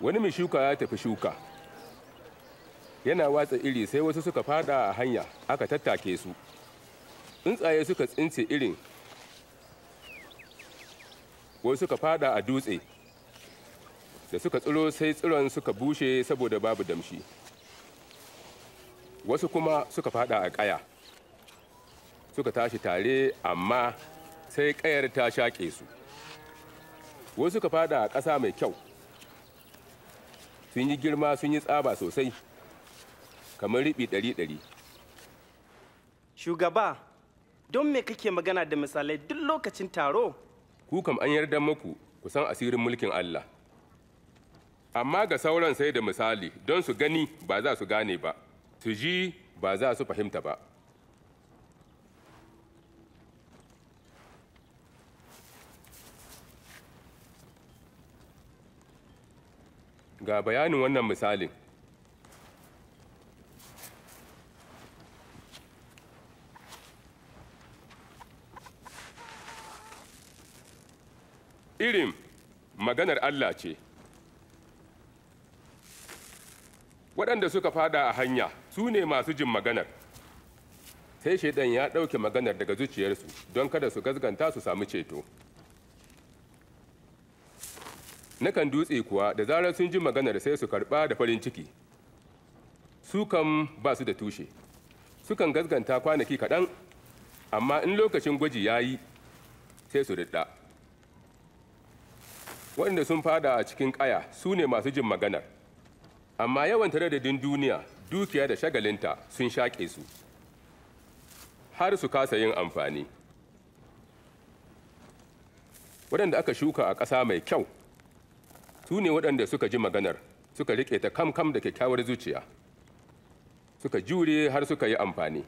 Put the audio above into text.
wani mai shuka ya tafi shuka yana watsa iri sai wasu suka fada a hanya aka tattake su tsuntsaye suka tsince irin wasu suka fada a dutse da suka tsiro sai tsiron suka bushe saboda babu damshi wasu kuma suka fada a kaya suka tashi tare amma sai kayar ta shaƙe su wasu suka fada a ƙasa mai kyau sun yi girma sun yi tsaba sosai kamar riɓi ɗari-ɗari shugaba don me kake magana da misalai duk lokacin taro ku kam an yarda muku ku asirin mulkin allah amma ga sauran sai da misali don su gani ba za su gane ba su ji ba za su fahimta ba ga bayanin wannan misalin irin maganar Allah ce waɗanda suka fada a hanya su ne masu jin maganar sai shaidan ya ɗauke maganar daga zuciyarsu don kada su gazganta su sami ceto na kan dutse kuwa da zarar sun ji maganar sai su karɓa da farin ciki su kan ba su da tushe sukan gazganta kwanaki kaɗan amma in lokacin gwaji ya yi sai su riɗa waɗanda sun fada a cikin ƙaya su ne masu jin maganar amma yawan taraddadin duniya dukiya da shagalinta sun shaƙe su har su kasa yin amfani waɗanda aka shuka a ƙasa mai kyau su ne waɗanda suka ji maganar suka riƙe ta kam kam da kyakkyawar zuciya suka jure har suka yi amfani